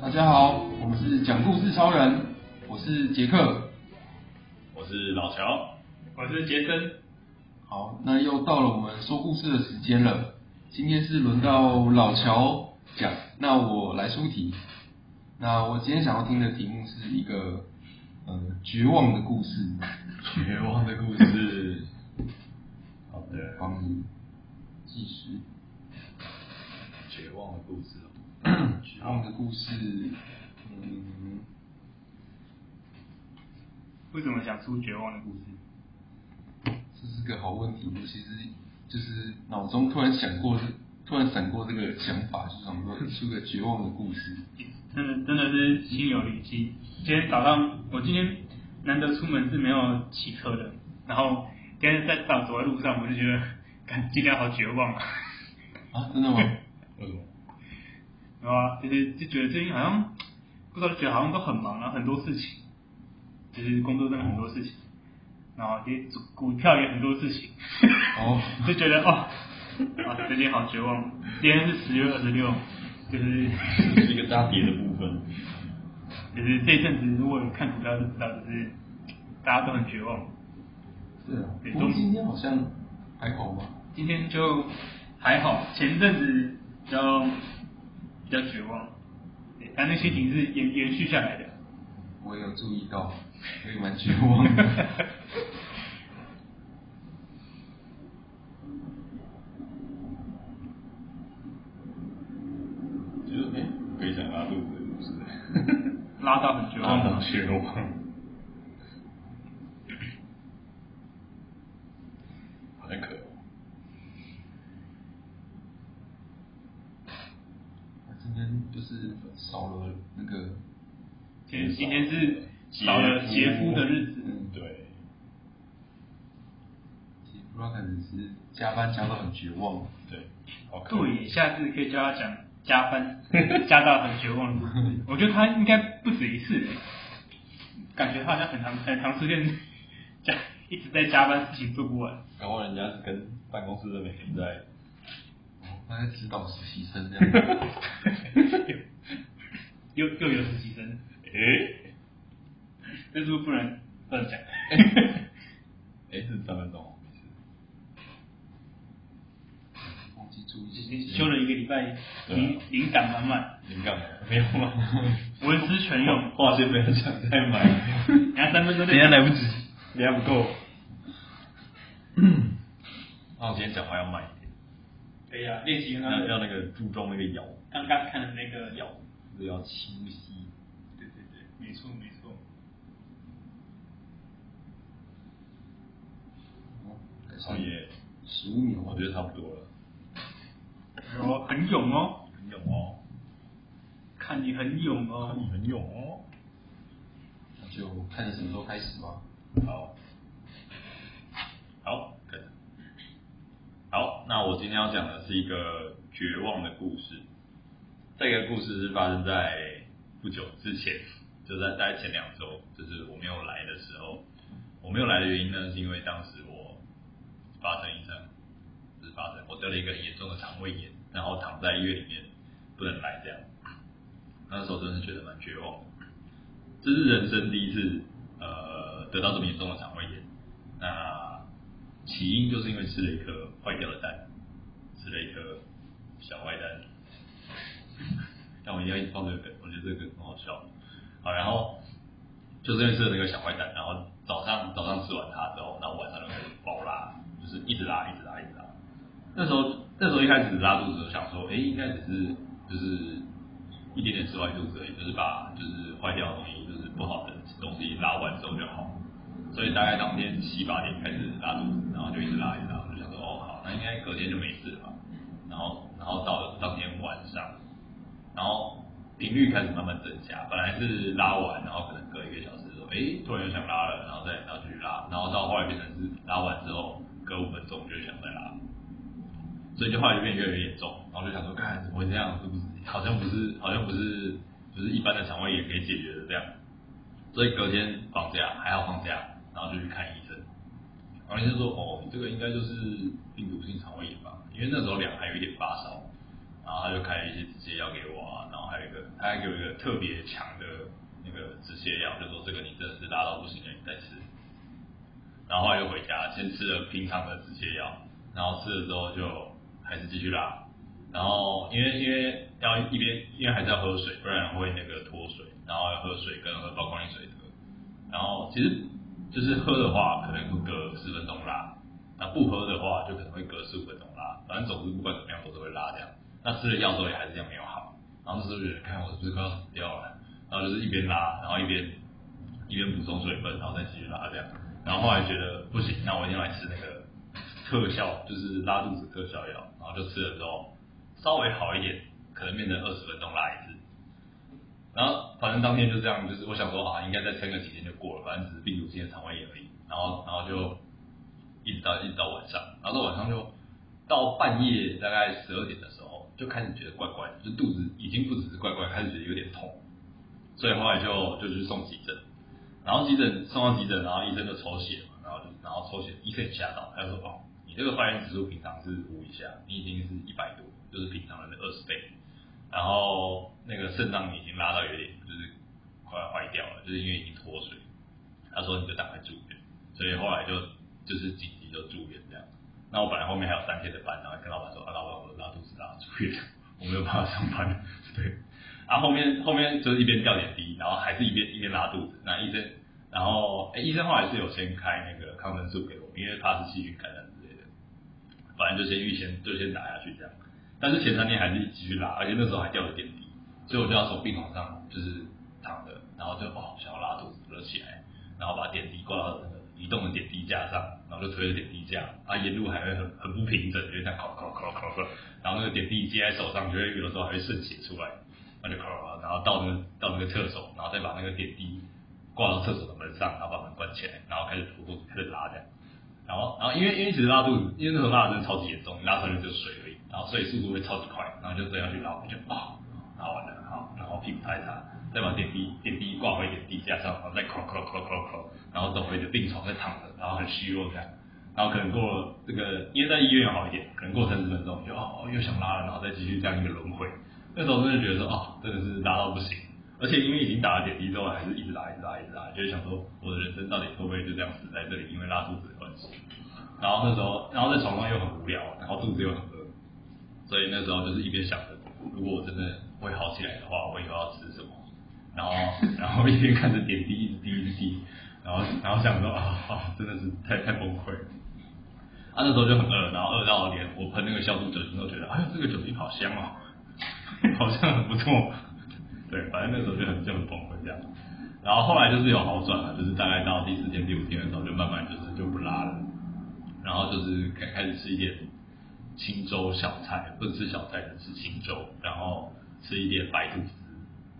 大家好，我們是講故事超人，我是傑克，我是老喬，我是傑森。好，那又到了我們說故事的時間了，今天是輪到老喬講，那我來出題。那我今天想要聽的題目是一個。呃，絕望的故事，絕望的故事， 好的，幫你繼續，絕望的故事 絕望的故事，嗯，為什麼想出絕望的故事？這是個好問題。我其實就是腦中突然想過，突然閃過這個想法，就想說出個絕望的故事，真、嗯、的真的是心有靈犀。嗯今天早上，我今天難得出門是沒有騎車的，然後今天在早走在路上，我就覺得，幹今天好絕望啊！真的嗎？ 為什麼？對吧？其實就覺得最近好像不知道覺得好像都很忙啊，很多事情，就是工作上很多事情，嗯、然後也股票也很多事情，哦， 就覺得哦，啊，今天好絕望。 今天是十月二十六，就是是一個大跌的部分。 其實這一陣子，如果有看股票就知道，就是大家都很絕望。對啊，對，我今天好像還好吧？今天就還好，前一陣子比較比較絕望，對，但那些情是延延續下來的。我有注意到，我也蠻絕望。 絕望，還可。他今天不是少了那個。今天是，今天是少了傑夫的日子。嗯，對。傑夫可能是加班加到很絕望。對。Okay. 對，下次可以叫他講加班 加到很絕望。 我覺得他應該不止一次。感覺他好像很長很長時間加一直在加班，事情做過了不完。然後人家是跟辦公室這邊在，哦，還在指導實習生這樣子。子 又又有實習生，誒、欸、那是不是不能不然講？誒、欸 欸、是三分鐘，沒事。忘記休了一個禮拜，靈靈感滿滿。你幹嘛？沒有嗎？文思泉湧，話先不要講，再等下三分鐘，等下來不及、 okay. 欸，等下不夠。嗯，那我今天講話要慢一點。對呀，練習呢？要要那個注重那個咬。剛剛看的那個咬字，要、這個、清晰。對對對，沒錯沒錯。啊、喔，算了，十五秒我覺得差不多了。哦、喔，很勇哦、喔。很勇哦、喔。啊、你很勇哦，你很勇哦。那就看你什麼時候開始吧。好，好，可以。好，那我今天要講的是一個絕望的故事。這個故事是發生在不久之前，就在在前兩周，就是我沒有來的時候。我沒有來的原因呢，是因為當時我發生一場，就是發生我得了一個很嚴重的腸胃炎，然後躺在醫院裡面不能來這樣。那時候真的覺得蠻絕望，這是人生第一次，呃，得到這麼嚴重的腸胃炎。那起因就是因為吃了一顆壞掉的蛋，吃了一顆小壞蛋， 但我一定要一直放這個梗，我覺得這個梗很好笑。好，然後就是因為吃了那個小壞蛋，然後早上早上吃完它之後，然後晚上就會暴拉，就是一直拉，一直拉，一直拉。直拉那時候那時候一開始拉肚子的時候，想說，哎、欸，應該只是就是。一點點之外就可以，就是把就是壞掉的東西，就是不好的東西拉完之後就好，所以大概當天七八點開始拉肚子，然後就一直拉一直拉，就想說哦好，那應該隔天就沒事吧，然後然後到當天晚上，然後頻率開始慢慢增加，本來是拉完然後可能隔一個小時誒、欸，突然又想拉了，然後再然後繼續拉，然後到後來變成是拉完之後隔五分鐘就想再拉，所以就後來就變越來越嚴重，然後就想說，哎，怎麼會這樣？是不是？好像不是，好像不是，不是一般的腸胃炎可以解決的這樣，所以隔天放假，還好放假，然後就去看醫生。然後醫生說：“哦，你這個應該就是病毒性腸胃炎吧？因為那時候臉還有一點發燒，然後他就開了一些止瀉藥給我，啊，然後還有一個，他還給我一個特別強的那個止瀉藥，就說這個你真的是拉到不行了，你再吃。然後又回家，先吃了平常的止瀉藥，然後吃了之後就還是繼續拉。”然後因為因為要一邊因為還是要喝水，不然會那個脫水，然後要喝水跟那個寶礦力水得喝。然後其實就是喝的話可能會隔十分鐘拉，那不喝的話就可能會隔十五分鐘拉，反正總之不管怎麼樣我都會拉掉。那吃了藥之後也還是這樣沒有好，然後是不是看我是不是快要死掉了？然後就是一邊拉，然後一邊一邊補充水分，然後再繼續拉這樣。然後後來覺得不行，那我一定要來吃那個特效，就是拉肚子特效藥，然後就吃了之後。稍微好一點，可能變成二十分鐘拉一次，然後反正當天就這樣，就是我想說，好、啊，應該再撐個幾天就過了，反正只是病毒性的腸胃炎而已。然後，然後就一直到一直到晚上，然後到晚上就到半夜大概十二點的時候，就開始覺得怪怪，就肚子已經不只是怪怪，開始覺得有點痛，所以後來就就去送急診，然後急診送到急診，然後醫生就抽血嘛，然後就然後抽血，醫生也嚇到，他就說：“哦，你這個發炎指數平常是五以下，你已經是一百多。”就是平常的二十倍，然後那個腎臟已經拉到有點，就是快要壞掉了，就是因為已經脫水。他說你就趕快住院，所以後來就就是緊急就住院這樣。那我本來後面還有三天的班，然後跟老闆說，啊，老闆我的拉肚子拉住院，我沒有辦法上班。對，啊後，後面後面就是一邊掉點滴，然後還是一邊一邊拉肚子。那醫生，然後、欸、醫生後來是有先開那個抗生素給我，因為怕是細菌感染之類的，反正就先預先就先打下去這樣。但是前三天還是繼續拉，而且那時候還掉了點滴，所以我就要從病床上就是躺着，然後就哦想要拉肚子，就起來，然後把點滴掛到那個移動的點滴架上，然後就推着點滴架，啊沿路還會很很不平整，就這樣靠靠靠靠，然後那個點滴接在手上，就會有的時候還會滲血出來，那就靠靠，然後到那個到那個廁所，然後再把那個點滴掛到廁所的門上，然後把門關起來，然後開始吐，開始拉這樣，然後然後因為因為其實拉肚子，因為那時候拉的真的超級嚴重，拉出來就是水了。然後所以速度會超級快，然後就這樣去拉，我就啊、哦、拉完了，好，然後屁股擦一擦，再把點滴點滴掛回點滴架上，然後再哐哐哐哐哐，然後走回的病床再躺着，然後很虛弱這樣，然後可能過了這個，因為在醫院要好一點，可能過三十分鐘就哦又想拉了，然後再繼續這樣一個輪回。那時候真的覺得說哦，真的是拉到不行，而且因為已經打了點滴之後，還是一直拉一直拉一直拉，一直拉，就是想說我的人生到底會不會就這樣死在這裡，因為拉肚子的關係。然後那時候，然後在床上又很無聊，然後肚子又很餓。所以那時候就是一邊想着，如果我真的會好起來的話，我以後要吃什麼，然後然後一邊看着點滴一直滴一直滴，然後然後想着啊、哦哦、真的是太太崩潰了，啊那時候就很餓，然後餓到連我噴那個消毒酒精都覺得，哎呀，這個酒精好香啊、哦，好像很不錯，對，反正那時候就很就很崩潰這樣，然後後來就是有好轉了，就是大概到第四天第五天的時候就慢慢就是就不拉了，然後就是開開始吃一點。清粥小菜，不吃小菜，只吃清粥，然後吃一點白吐司，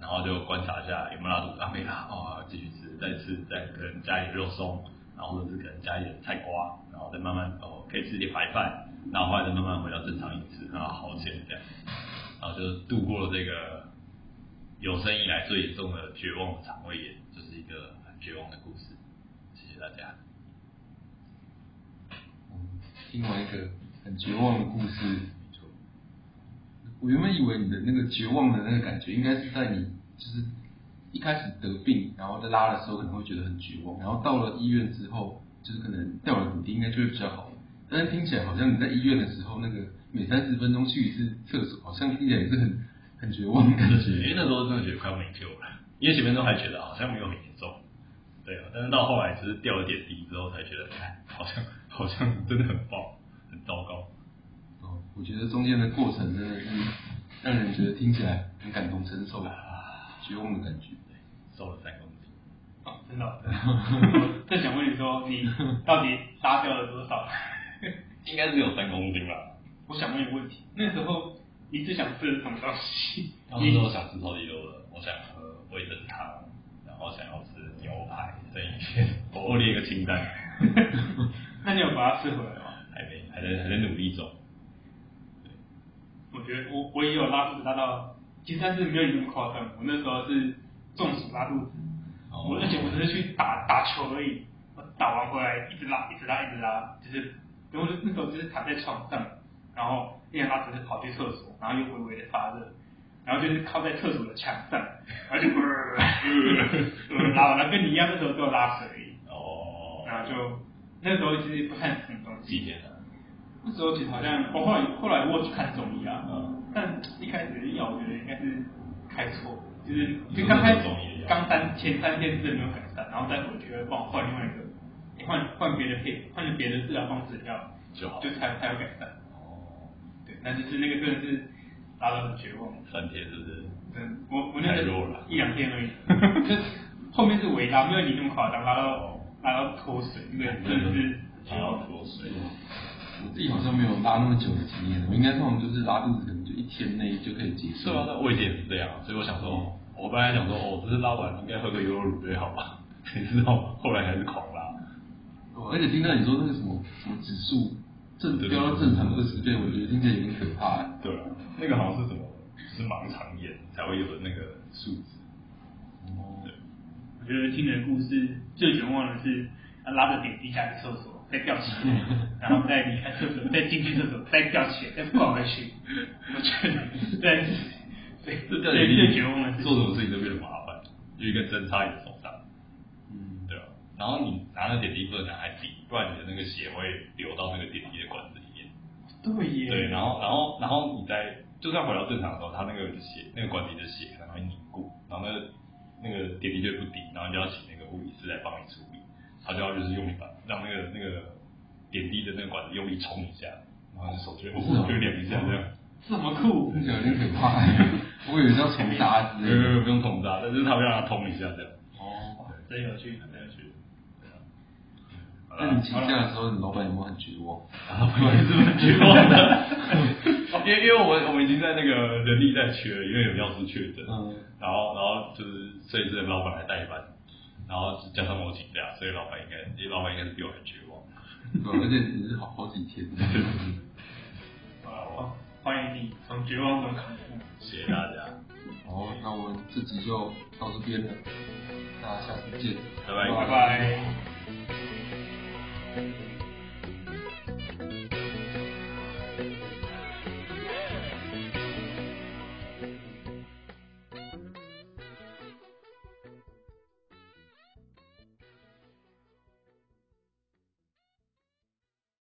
然後就觀察一下有沒有拉肚子，沒拉，繼續吃，再吃，再可能加一點肉鬆，然後或者是可能加一點菜瓜，然後再慢慢哦，可以吃一點白飯，然後後來就慢慢回到正常飲食，然後好起來，然後就度過了這個有生以來最嚴重的絕望腸胃炎，這、就是一個很絕望的故事。謝謝大家。另、嗯、外一個。很絕望的故事，沒錯。我原本以為你的那個絕望的那個感覺，應該是在你就是一開始得病，然後在拉的時候可能會覺得很絕望，然後到了醫院之後，就是可能吊了點滴，應該就會比較好。但是聽起來好像你在醫院的時候，那個每三十分鐘去一次廁所，好像聽起來也是很很絕望的感覺。因為那時候真的覺得快要沒救了，因為前面都還覺得好像沒有很嚴重。對啊，但是到後來就是吊了點滴之後，才覺得哎，好像好像真的很棒。 很糟糕，oh, 我覺得中間的過程真的讓人覺得聽起來很感同身受，絕 望的感覺。瘦了三公斤，oh, 真的，喔。就 想問你說，你到底殺掉了多少？ 應該是有三公斤吧。 我想問你問題，那時候你最想吃什麼東西？那 時候想吃超級多，我想喝味噌湯，然後想要吃牛排，這一 我我列一個清單。 那你有把它吃回來？還在還在努力走。對，我覺得我我也有拉肚子拉到，其實但是沒有你那麼誇張。我那時候是中暑拉肚子，哦、我而且我只是去打打球而已，我打完回來一直拉一直拉一直拉，一直拉，就是然後就那時候就是躺在床上，然後一拉屎就跑去廁所，然後又微微的發熱，然後就是靠在廁所的牆上，然後就，而且拉了跟你一樣那時候都有拉屎而已。哦。然後就那時候其實不太什麼東西。幾天、啊那時候其實好像，後來後來我去看中醫啊，嗯，但一開始的藥我覺得應該是開錯，就是就剛開始剛三前三天是真的沒有改善，然後再回去幫我換另外一個，換換別的配，換成別的治療方式要就好，就才才有改善。哦，對，但就是那個真的是拉到很絕望，三天是不是？真、嗯，我我那個一兩天而已， 就是後面是維他，沒有你那麼誇張，拉到拉到脫水，因為真的、就是，拉要脫水。嗯我自己好像沒有拉那麼久的經驗，我應該通常就是拉肚子，可能就一天內就可以結束了。對啊，那胃點是這樣，所以我想說，我本來想說，哦，不是拉完應該喝個優酪乳對，好吧。誰知道後來還是狂拉。而且聽到你說那個什麼什麼指數正掉到正常的這個十倍，對對對，我覺得今天有點可怕了，欸。對、啊，那個好像是什麼，是盲腸炎才會有的那個數值，嗯。對，我覺得聽你的故事最絕望的是，他拉着點滴下去廁所。再吊起來，然後再離開廁所，再進去廁所，再吊起來，再放回去。去， 對對，就最絕望了，做什麼事情都變得麻煩，就一個針插你的手上。嗯，對，對，對，對，對，然後你拿着點滴拿還滴不能拿來，不然你的那個血會流到那個點滴的管子裡面。對然後，然後，然後，然後你在就算回到正常的時候，它那個血，那個管子裡的血可能會凝固，然後那個那個點滴就不滴，然後你就要請那個護理師來幫你處理。他就要就是用一把讓那個那個點滴的那個管子用力衝一下，然、啊、後手就就點一下這樣，這麼酷，有點可怕。我以為要捅扎你。呃，不用捅扎，但是他會讓他通一下這樣，對對對對對對對對。哦，真有趣，真有趣。那你請假的時候，你老板有沒有很絕望？老板也是很絕望的，因為因為我我們已經在那個人力在缺了，因為有老師確診嗯。然後然後就是這一次老板來代班。然後加上我請假，所以老板應該，老板應該是比我很絕望，而且你是好好幾天。 好，我，歡迎你從絕望中康復。謝謝大家。好，那我們這集就到這邊了。大家下次見，拜拜，拜拜。拜拜拜拜。